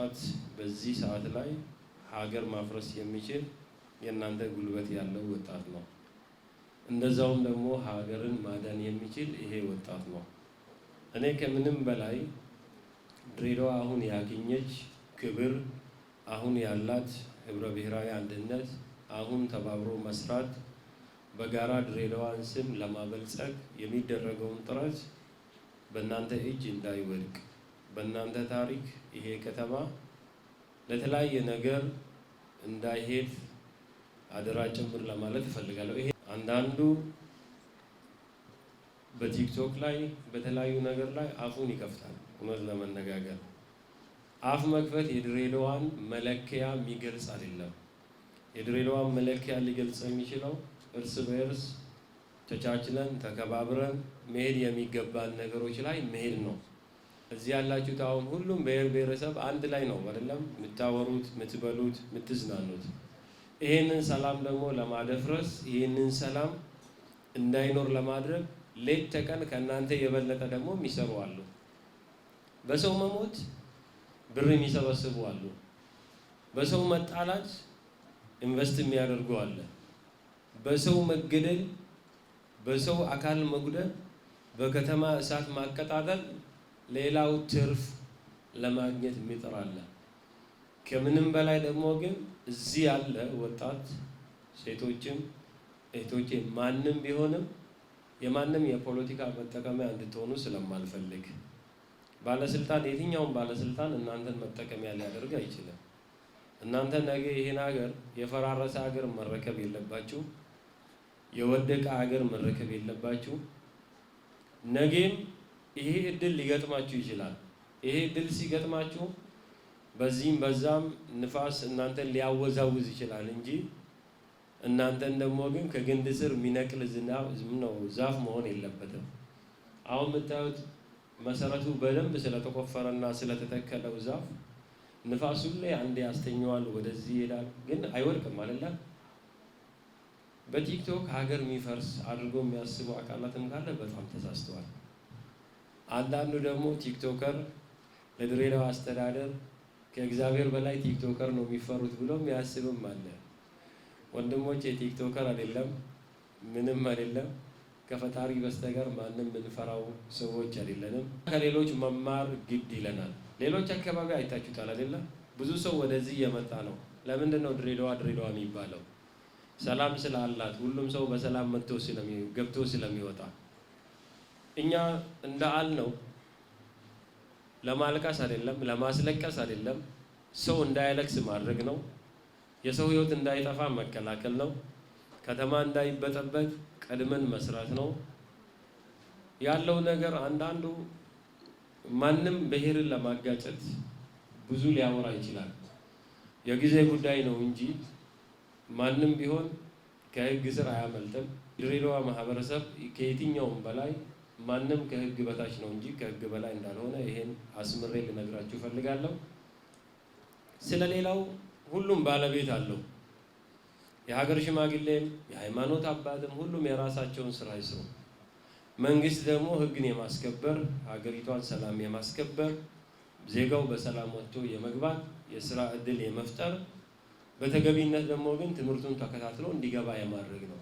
ሰዓት በዚህ ሰዓት ላይ ሀገር ማፍረስ የሚችል የእናንተ ጉልበት ያለው ወጣት ነው። እንደዛውም ደግሞ ሀገርን ማዳን የሚችል ይሄ ወጣት ነው። እኔ ከምንም በላይ ድሬዳዋ አሁን ያገኘች ክብር፣ አሁን ያላት ህብረ ብሔራዊ አንድነት፣ አሁን ተባብሮ መስራት፣ በጋራ ድሬዳዋን ስም ለማበልጸግ የሚደረገውን ጥረት በእናንተ እጅ እንዳይወድቅ በእናንተ ታሪክ ይሄ ከተማ ለተለያየ ነገር እንዳይሄድ አደራ ጭምር ለማለት እፈልጋለሁ። ይሄ አንዳንዱ በቲክቶክ ላይ በተለያዩ ነገር ላይ አፉን ይከፍታል። እውነት ለመነጋገር አፍ መክፈት የድሬዳዋን መለኪያ የሚገልጽ አይደለም። የድሬዳዋን መለኪያ ሊገልጽ የሚችለው እርስ በእርስ ተቻችለን ተከባብረን መሄድ የሚገባን ነገሮች ላይ መሄድ ነው። እዚህ ያላችሁት አሁን ሁሉም ብሔር ብሔረሰብ አንድ ላይ ነው አይደለም የምታወሩት፣ የምትበሉት፣ የምትዝናኑት። ይህንን ሰላም ደግሞ ለማደፍረስ ይህንን ሰላም እንዳይኖር ለማድረግ ሌት ተቀን ከእናንተ የበለጠ ደግሞ የሚሰሩ አሉ። በሰው መሞት ብር የሚሰበስቡ አሉ። በሰው መጣላት ኢንቨስት የሚያደርጉ አለ። በሰው መገደል፣ በሰው አካል መጉደል፣ በከተማ እሳት ማቀጣጠል ሌላው ትርፍ ለማግኘት የሚጥር አለ። ከምንም በላይ ደግሞ ግን እዚህ ያለ ወጣት ሴቶችም እህቶቼ ማንም ቢሆንም የማንም የፖለቲካ መጠቀሚያ እንድትሆኑ ስለማልፈልግ ባለስልጣን የትኛውም ባለስልጣን እናንተን መጠቀሚያ ሊያደርግ አይችልም። እናንተ ነገ ይህን ሀገር የፈራረሰ ሀገር መረከብ የለባችሁ። የወደቀ ሀገር መረከብ የለባችሁ። ነገም ይሄ እድል ሊገጥማችሁ ይችላል። ይሄ እድል ሲገጥማችሁ በዚህም በዛም ንፋስ እናንተን ሊያወዛውዝ ይችላል እንጂ እናንተን ደግሞ ግን ከግንድ ስር የሚነቅል ነው ዛፍ መሆን የለበትም። አሁን የምታዩት መሰረቱ በደንብ ስለተቆፈረና ስለተተከለው ዛፍ ንፋሱን ላይ አንዴ ያስተኘዋል፣ ወደዚህ ይሄዳል፣ ግን አይወድቅም አለላ በቲክቶክ ሀገር የሚፈርስ አድርጎ የሚያስቡ አካላትም ካለ በጣም ተሳስተዋል። አንዳንዱ ደግሞ ቲክቶከር ለድሬዳዋ አስተዳደር ከእግዚአብሔር በላይ ቲክቶከር ነው የሚፈሩት ብሎ የሚያስብም አለ። ወንድሞች የቲክቶከር አይደለም፣ ምንም አይደለም። ከፈጣሪ በስተቀር ማንም የምንፈራው ሰዎች አይደለንም። ከሌሎች መማር ግድ ይለናል። ሌሎች አካባቢ አይታችሁታል አይደለም? ብዙ ሰው ወደዚህ እየመጣ ነው። ለምንድን ነው ድሬዳዋ ድሬዳዋ የሚባለው? ሰላም ስላላት ሁሉም ሰው በሰላም መጥቶ ገብቶ ስለሚወጣ እኛ እንደ አል ነው ለማልቀስ አይደለም፣ ለማስለቀስ አይደለም። ሰው እንዳያለቅስ ማድረግ ነው። የሰው ህይወት እንዳይጠፋ መከላከል ነው። ከተማ እንዳይበጠበጥ ቀድመን መስራት ነው። ያለው ነገር አንዳንዱ ማንም ብሔርን ለማጋጨት ብዙ ሊያወራ ይችላል። የጊዜ ጉዳይ ነው እንጂ ማንም ቢሆን ከህግ ስር አያመልጥም። ድሬዳዋ ማህበረሰብ ከየትኛውም በላይ ማንም ከህግ በታች ነው እንጂ ከህግ በላይ እንዳልሆነ ይሄን አስምሬ ልነግራችሁ እፈልጋለሁ። ስለ ሌላው ሁሉም ባለቤት አለው። የሀገር ሽማግሌም የሃይማኖት አባትም ሁሉም የራሳቸውን ስራ ይስሩ። መንግስት ደግሞ ህግን የማስከበር ሀገሪቷን ሰላም የማስከበር ዜጋው በሰላም ወጥቶ የመግባት የስራ እድል የመፍጠር በተገቢነት ደግሞ ግን ትምህርቱን ተከታትሎ እንዲገባ የማድረግ ነው።